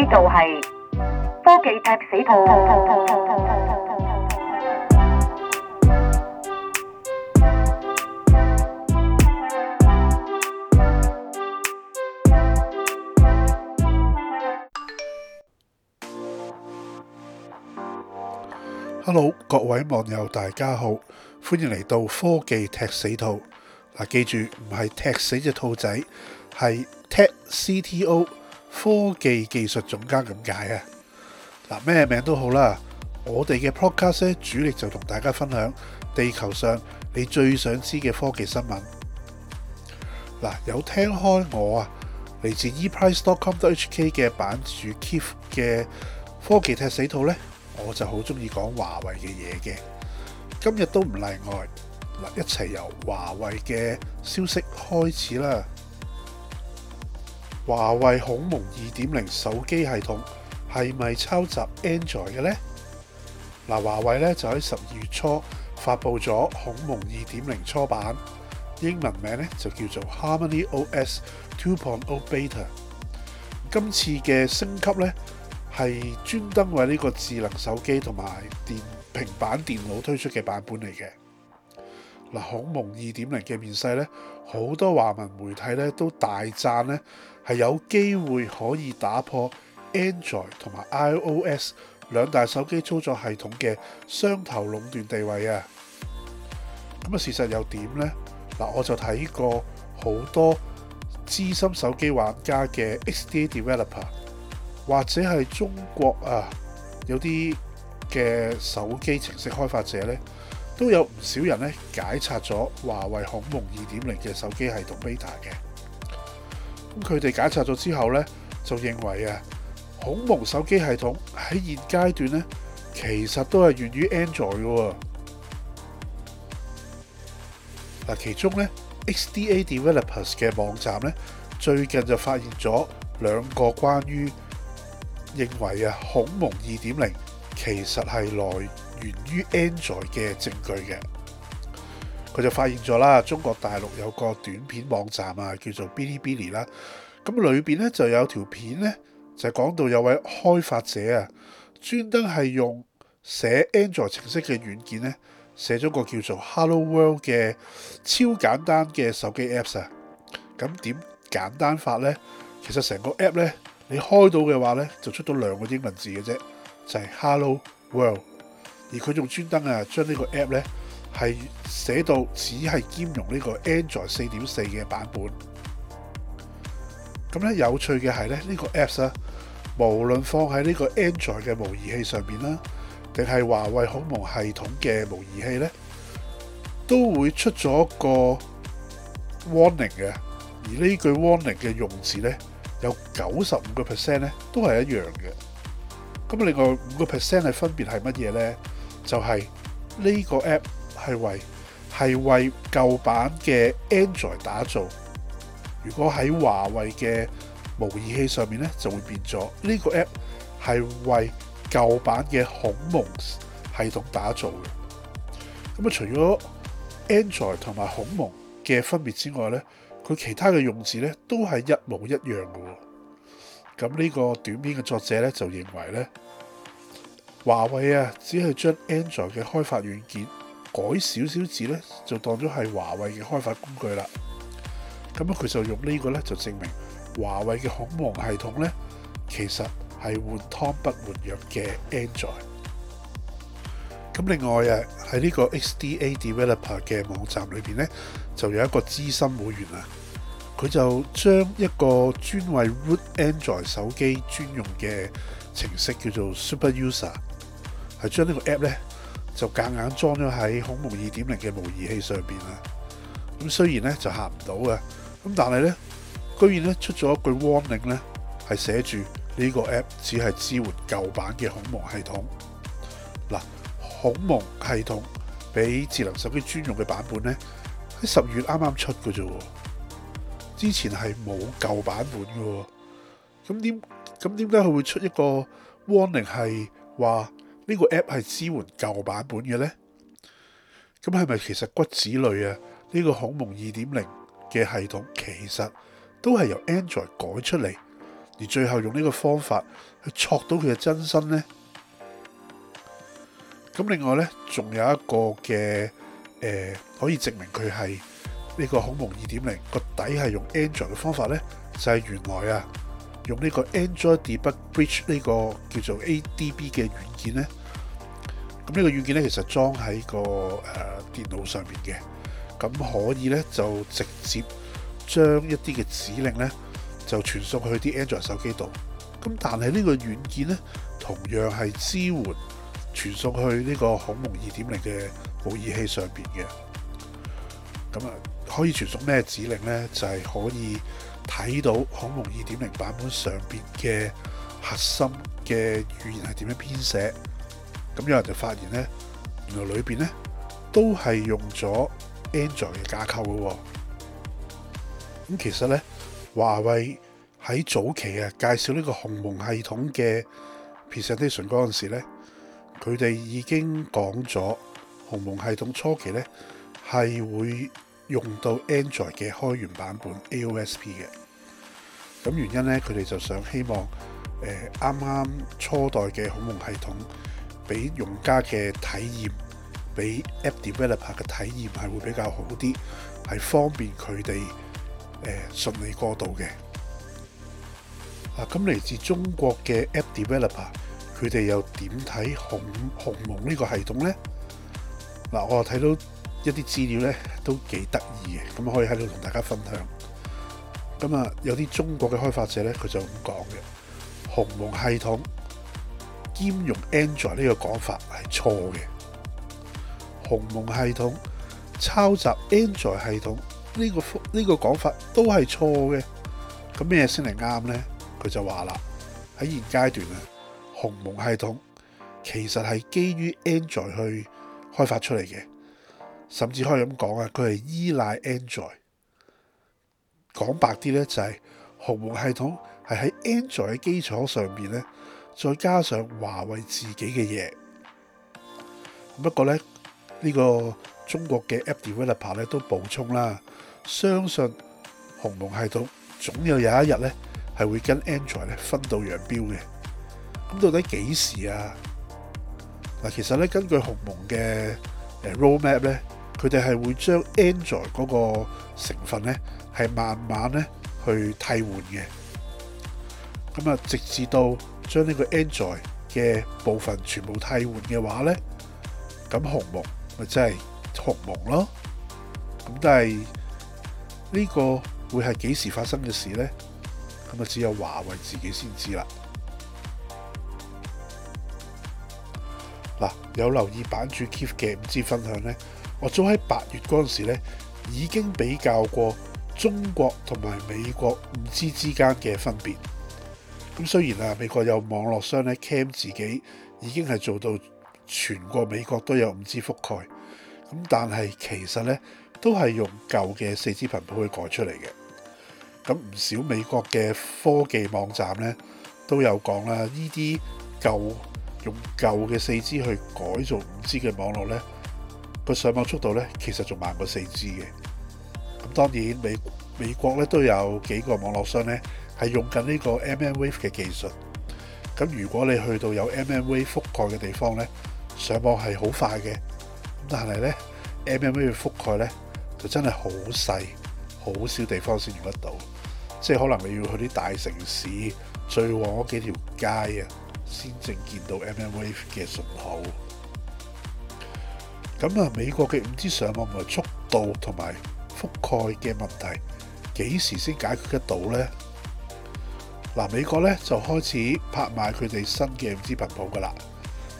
呢度係科技踢死兔。Hello，各位網友大家好，歡迎嚟到科技踢死兔。嗱，記住唔係踢死隻兔仔，係 Tech CTO。科技技術總監咁解啊！嗱，咩名都好啦，我哋嘅 Podcast 主力就同大家分享地球上你最想知嘅科技新聞。嗱，有聽開我啊，嚟自 ePrice.com.hk 嘅版主 Keith 嘅科技 Tech 死兔呢，我就好中意講華為嘅嘢嘅，今日都唔例外。一齊由華為嘅消息開始啦。華為鴻蒙2.0手機系統係咪抄襲 Android 嘅呢？嗱，華為咧就喺十二月初發佈咗鴻蒙2.0初版，英文名咧就叫做 HarmonyOS 2.0 Beta。今次嘅升級咧係專登為呢個智能手機同埋電平板電腦推出嘅版本嚟嘅。嗱，鴻蒙2.0嘅面世咧。好多華文媒體咧都大讚咧，係有機會可以打破 Android 同埋 iOS 兩大手機操作系統嘅雙頭壟斷地位啊！咁啊，事實又點呢？嗱，我就睇過好多資深手機玩家嘅 XDA developer，或者係中國啊有啲嘅手機程式開發者咧。都有唔少人咧解拆咗華為鴻蒙二點零嘅手機系統 beta 嘅，咁佢哋解拆咗之後咧，就認為啊，鴻蒙手機系統喺現階段咧，其實都係源於 Android 嘅。嗱，其中咧 XDA Developers 嘅網站咧，最近就發現咗兩個關於認為啊，鴻蒙二點零其實係內，源於 Android 嘅證據嘅，佢就發現咗啦。中國大陸有個短片網站啊，叫做 Bilibili 啦。咁裏邊咧就有條片咧，就講到有位開發者啊，專登係用寫 Android 程式嘅軟件咧寫咗個叫做 Hello World 嘅超簡單嘅手機 Apps 啊。咁點簡單法咧？其實成個 App 咧，你開到嘅話咧，就出到兩個英文字嘅啫，就係 Hello World。而佢仲專登啊，將呢個 app 咧係寫到只係兼容呢個 Android 四點四嘅版本。咁咧，有趣嘅係咧，呢個 apps 啊，無論放喺呢個 Android 嘅模擬器上面啦，定係華為鴻蒙系統嘅模擬器咧，都會出咗一個 warning 嘅。而呢句 warning 嘅用字咧，有九十五個 percent 咧都係一樣嘅。咁另外五個 percent 係分別係乜嘢咧？就係、是、呢、這個 app 係為係為舊版嘅 Android 打造。如果喺華為嘅模擬器上面咧，就會變咗呢個 app 係為舊版嘅鴻蒙系統打造嘅。咁啊，除咗 Android 同埋鴻蒙嘅分別之外咧，佢其他嘅用字咧都係一模一樣嘅。咁、這、呢個短片嘅作者咧就認為咧。華為啊，只係將 Android 嘅開發軟件改少少字咧，就當咗係華為嘅開發工具啦。咁啊，佢就用呢個咧，就證明華為嘅鴻蒙系統咧，其實係換湯不換藥嘅 Android。咁另外啊，喺呢個 XDA Developer 嘅網站裏邊咧，就有一個資深會員啊，佢就將一個專為 Root Android 手機專用嘅程式叫做 Super User。係將呢個 app 咧，就夾硬裝咗喺鴻蒙二點零嘅模擬器上邊啦。咁雖然咧，就下唔到嘅，咁但係咧居然咧出咗一句 warning 咧，係寫住呢個 app 只係支援舊版嘅鴻蒙系統。嗱，鴻蒙系統比智能手機專用嘅版本咧喺十月啱啱出㗎。啫喎，之前係冇舊版本㗎喎。咁點咁點解佢會出一個 warning 係話？呢、這個 app 係支援舊版本嘅呢？咁係咪其實骨子裡啊？呢、這個鴻蒙二點零嘅系統其實都係由 Android 改出嚟，而最後用呢個方法去戳到佢嘅真身呢？咁另外呢，仲有一個嘅誒、呃，可以證明佢係呢個鴻蒙二點零個底係用 Android 嘅方法呢，就係、是、原來啊，用呢個 Android Debug Bridge 呢個叫做 ADB 嘅軟件呢。呢、這個軟件咧，其實裝喺個誒電腦上面嘅，咁可以咧就直接將一啲嘅指令咧就傳送去啲 Android 手機度。咁但係呢個軟件咧，同樣係支援傳送去呢個鴻蒙二點零嘅模擬器上邊嘅。咁啊，可以傳送咩指令咧？就係、是、可以睇到鴻蒙二點零版本上邊嘅核心嘅語言係點樣編寫。咁有人就發現咧，原來裏面咧都係用咗 Android 嘅架構嘅喎、哦。咁其實咧，華為喺早期啊介紹呢個鴻蒙系統嘅 Presentation 嗰陣時咧，佢哋已經講咗鴻蒙系統初期咧係會用到 Android 嘅開源版本 AOSP 嘅。咁原因咧，佢哋就想希望啱啱、呃、初代嘅鴻蒙系統。俾用家嘅體驗，俾 App Developer 嘅體驗係會比較好啲，係方便佢哋誒順利過渡嘅。啊，咁嚟自中國嘅 App Developer，佢哋又點睇鴻鴻蒙呢個系統咧？嗱、啊，我睇到一啲資料咧都幾得意嘅，咁可以喺度同大家分享。咁啊，有啲中國嘅開發者咧，佢就咁講嘅，鴻蒙系統。兼容 Android 呢個講法係錯嘅，鴻蒙系統抄襲 Android 系統呢個呢個講法都係錯嘅。咁咩先嚟啱呢？佢就話啦，喺現階段啊，鴻蒙系統其實係基於 Android 去開發出嚟嘅，甚至可以咁講啊，佢係依賴 Android。講白啲呢，就係鴻蒙系統係喺 Android 嘅基礎上面呢。再加上華為自己嘅嘢，咁不過咧，呢個中國嘅 app developer 咧都補充啦，相信鴻蒙系統總有有一日咧係會跟 Android 咧分道揚鑣嘅。咁到底幾時啊？嗱，其實咧根據鴻蒙嘅誒 Roadmap 咧，佢哋係會將 Android 嗰個成分咧係慢慢咧去替換嘅。咁啊，直至到。將呢個 Android 嘅部分全部替換嘅話咧，咁鴻蒙咪真係鴻蒙咯。咁但係呢、呢個會係幾時發生嘅事咧？咁啊，只有華為自己先知啦。嗱、啊，有留意版主 Keep 嘅五 G 分享咧，我早喺八月嗰陣時咧已經比較過中國同埋美國五 G 之間嘅分別。咁雖然啊，美國有網絡商咧 Cam 自己已經係做到全個美國都有五 G 覆蓋，咁但係其實咧都係用舊嘅四 G 頻譜去改出嚟嘅。咁唔少美國嘅科技網站咧都有講啦，呢啲舊用舊嘅四 G 去改造五 G 嘅網絡咧，個上網速度咧其實仲慢過四 G 嘅。咁當然美美國咧都有幾個網絡商咧。係用緊呢個 M M Wave 嘅技術。咁如果你去到有 M M Wave 覆蓋嘅地方咧，上網係好快嘅。咁但係咧，M M Wave 覆蓋咧就真係好細，好少地方先用得到。即係可能你要去啲大城市最旺嗰幾條街啊，先正見到 M M Wave 嘅信號。咁啊，美國嘅唔知道上網嘅速度同埋覆蓋嘅問題，幾時先解決得到咧？嗱，美國咧就開始拍賣佢哋新嘅 5G 頻譜噶啦，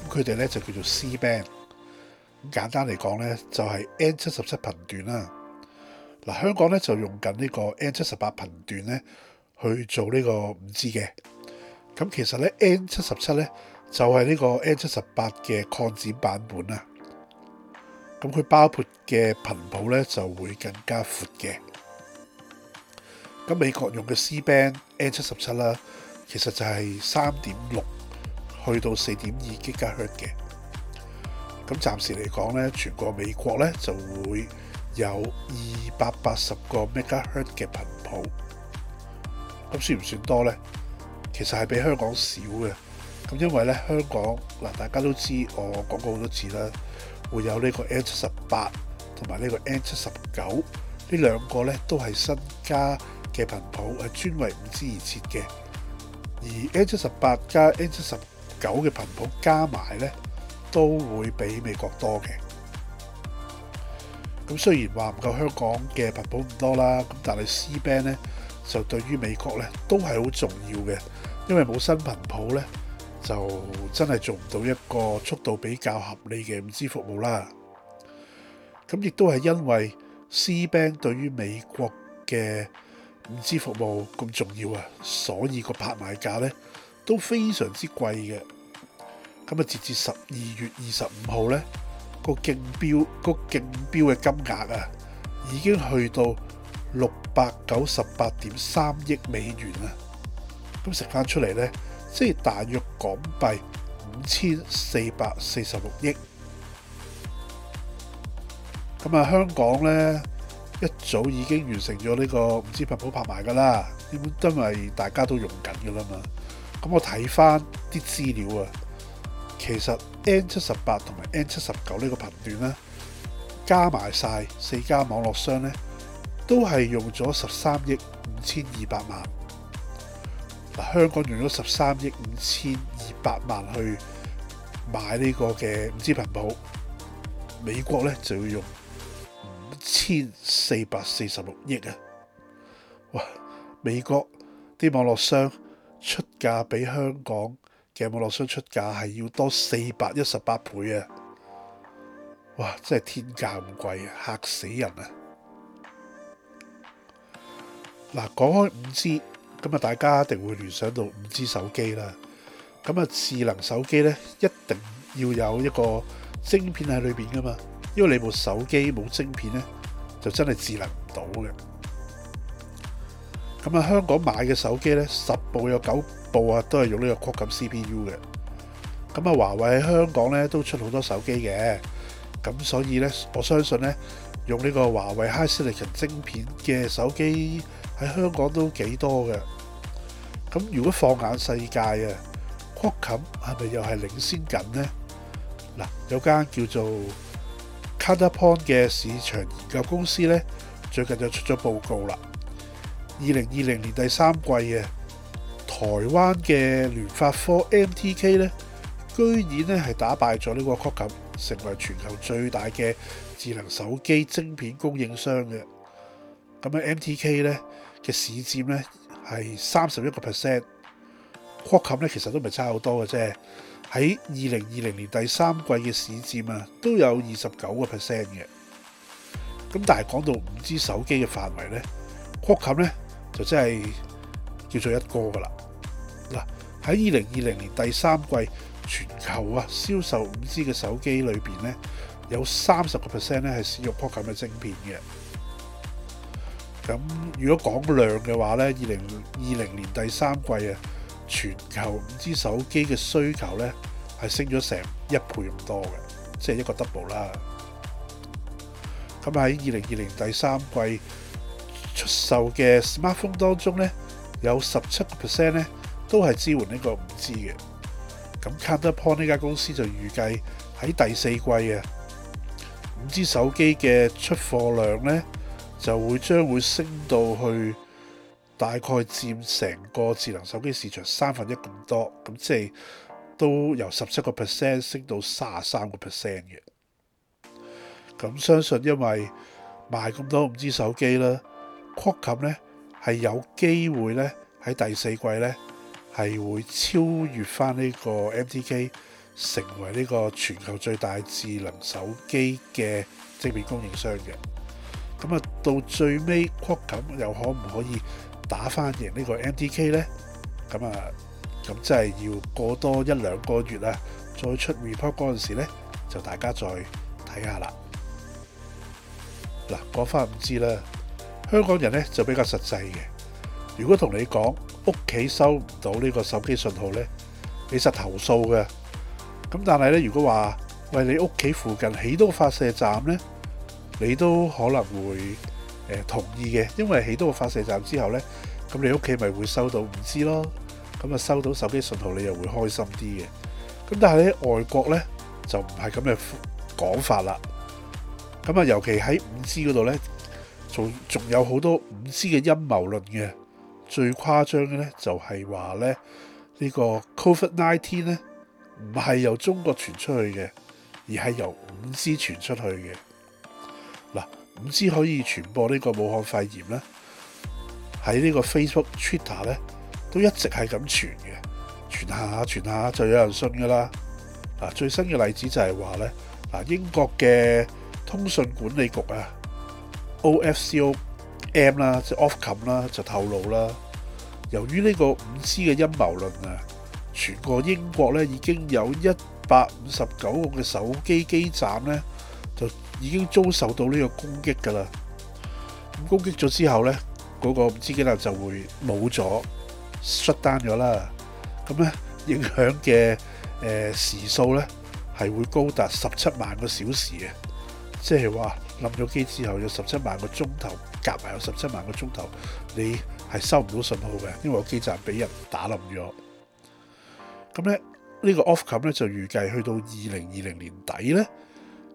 咁佢哋咧就叫做 C-band，咁簡單嚟講咧就係 N 七十七頻段啦。嗱，香港咧就用緊呢個 N 七十八頻段咧去做呢個 5G 嘅，咁其實咧 N 七十七咧就係呢個 N 七十八嘅擴展版本喇，咁佢包括嘅頻譜咧就會更加闊嘅。咁美國用嘅 C band n 七十七啦，其實就係三點六去到四點二吉赫茲嘅。咁暫時嚟講咧，全國美國咧就會有二百八十個兆赫嘅頻譜。咁算唔算多咧？其實係比香港少嘅。咁因為咧，香港嗱，大家都知我講過好多次啦，會有呢個 n 七十八同埋呢個 n 七十九呢兩個咧，都係新加。嘅頻譜係專為五 G 而設嘅，而 N 七十八加 N 七十九嘅頻譜加埋咧，都會比美國多嘅。咁雖然話唔夠香港嘅頻譜咁多啦，咁但係 C band 咧就對於美國咧都係好重要嘅，因為冇新頻譜咧就真係做唔到一個速度比較合理嘅五 G 服務啦。咁亦都係因為 C band 對於美國嘅唔知服務咁重要啊，所以個拍賣價咧都非常之貴嘅。咁啊，截至十二月二十五號咧，個競標個競標嘅金額啊，已經去到六百九十八點三億美元啊。咁食翻出嚟咧，即係大約港幣五千四百四十六億。咁啊，香港咧。一早已經完成咗呢個 5G 頻譜拍賣㗎啦，根本真係大家都用緊㗎啦嘛。咁我睇翻啲資料啊，其實 N 七十八同埋 N 七十九呢個頻段咧，加埋晒四家網絡商咧，都係用咗十三億五千二百萬。香港用咗十三億五千二百萬去買呢個嘅 5G 頻譜，美國咧就要用，千四百四十六億啊！哇，美國啲網絡商出價比香港嘅網絡商出價係要多四百一十八倍啊！哇，真係天價咁貴啊，嚇死人啊！嗱，講開五 G，咁啊，大家一定會聯想到五 G 手機啦。咁啊，智能手機呢，一定要有一個晶片喺裏邊㗎嘛。因為你部手機冇晶片咧，就真係智能唔到嘅。咁啊，香港買嘅手機咧，十部有九部啊，都係用呢個 Qualcomm CPU 嘅。咁啊，華為喺香港咧都出好多手機嘅。咁所以咧，我相信咧，用呢個華為 HiSilicon 晶片嘅手機喺香港都幾多嘅。咁如果放眼世界啊，Qualcomm 係咪又係領先緊呢？嗱，有間叫做 Counterpoint 嘅市場研究公司咧，最近就出咗報告啦。二零二零年第三季嘅台灣嘅聯發科 MTK 咧，居然咧係打敗咗呢個 Qualcomm，成為全球最大嘅智能手機晶片供應商嘅。咁咧 MTK 咧嘅市佔咧係三十一個 percent。Qualcomm 咧其實都唔係差好多嘅啫，喺二零二零年第三季嘅市佔啊，都有二十九個 percent 嘅。咁但係講到五 G 手機嘅範圍咧，Qualcomm 咧就真係叫做一哥㗎喇。嗱，喺二零二零年第三季全球啊銷售五 G 嘅手機裏邊咧，有三十個 percent 咧係使用 Qualcomm 嘅晶片嘅。咁如果講量嘅話咧，二零二零年第三季啊。全球五 G 手機嘅需求咧，係升咗成一倍咁多嘅，即係一個 double 啦。咁喺二零二零第三季出售嘅 smartphone 當中咧，有十七個 percent 咧都係支援呢個五 G 嘅。咁 Counterpoint 呢間公司就預計喺第四季嘅五 G 手機嘅出貨量咧就會將會升到去。大概佔成個智能手機市場三分一咁多，咁即係都由十七個 percent 升到三十三個 percent 嘅。咁相信因為賣咁多五 G 手機啦，Qualcomm 咧係有機會咧喺第四季咧係會超越翻呢個 MTK，成為呢個全球最大智能手機嘅正面供應商嘅。咁啊，到最尾 Qualcomm 又可唔可以？打翻贏呢個 MDK 呢，咁啊，咁真係要過多一兩個月啦，再出 report 嗰陣時呢，就大家再睇下啦。嗱，講翻唔知啦，香港人呢就比較實際嘅。如果同你講屋企收唔到呢個手機信號呢，你實投訴嘅。咁但係呢，如果話喂你屋企附近起多發射站呢，你都可能會。誒同意嘅，因為起多個發射站之後呢，咁你屋企咪會收到五 G 咯，咁啊收到手機信號你又會開心啲嘅。咁但係喺外國呢，就唔係咁嘅講法啦。咁啊，尤其喺五 G 嗰度呢，仲仲有好多五 G 嘅陰謀論嘅。最誇張嘅呢，就係話呢，呢個 Covid Nineteen 呢唔係由中國傳出去嘅，而係由五 G 傳出去嘅嗱，五 G 可以傳播呢個武漢肺炎咧，喺呢個 Facebook、Twitter 咧都一直係咁傳嘅，傳下下傳下就有人信㗎喇。嗱，最新嘅例子就係話咧，嗱英國嘅通訊管理局啊，Ofcom 啦，即係 Ofcom 啦就透露啦，由於呢個五 G 嘅陰謀論啊，全個英國咧已經有一百五十九個嘅手機基站咧。已經遭受到呢個攻擊㗎啦！咁攻擊咗之後咧，嗰個唔知幾多就會冇咗、甩單咗啦。咁咧影響嘅誒時數咧，係會高達十七萬個小時嘅，即係話冧咗機之後，有十七萬個鐘頭，夾埋有十七萬個鐘頭，你係收唔到信號嘅，因為個基站俾人打冧咗。咁咧呢個 Ofcom 咧就預計去到二零二零年底咧。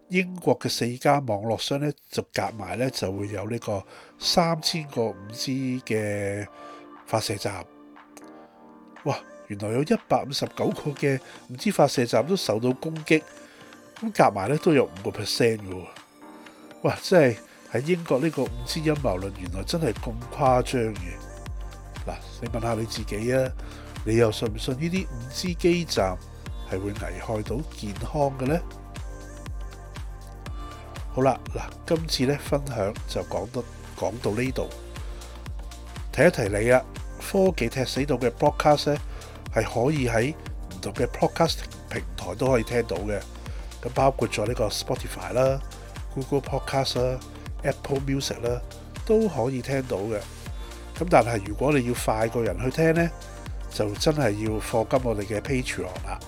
英國嘅四家網絡商咧，就夾埋咧就會有呢個三千個五 G 嘅發射站。哇！原來有一百五十九個嘅五 G 發射站都受到攻擊，咁夾埋咧都有五個 percent 嘅喎。哇！真係喺英國呢個五 G 陰謀論，原來真係咁誇張嘅。嗱，你問下你自己啊，你又信唔信呢啲五 G 基站係會危害到健康嘅呢？好啦，嗱，今次咧分享就講得講到呢度。提一提你啊，科技 Tech 死兔嘅 podcast 咧，係可以喺唔同嘅 podcast 平台都可以聽到嘅。咁包括咗呢個 Spotify 啦、Google Podcast 啦、Apple Music 啦，都可以聽到嘅。咁但係如果你要快個人去聽咧，就真係要課金我哋嘅 Patreon 啦。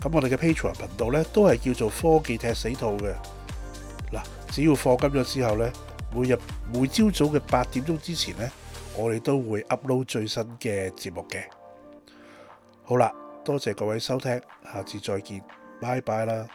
咁我哋嘅 Patreon 頻道咧，都係叫做科技 Tech 死兔嘅。嗱，只要課金咗之後呢，每日每朝早嘅八點鐘之前呢，我哋都會 upload 最新嘅節目嘅。好啦，多謝各位收聽，下次再見，拜拜啦！